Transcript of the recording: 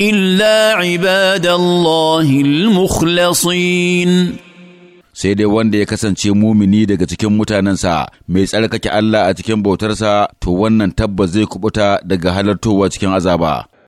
إلا عباد الله المخلصين sai dai wanda ya kasance mumini daga cikin mutanensa mai tsarkake Allah a cikin bautarsa to wannan tabbas zai kubuta daga halartowa cikin azaba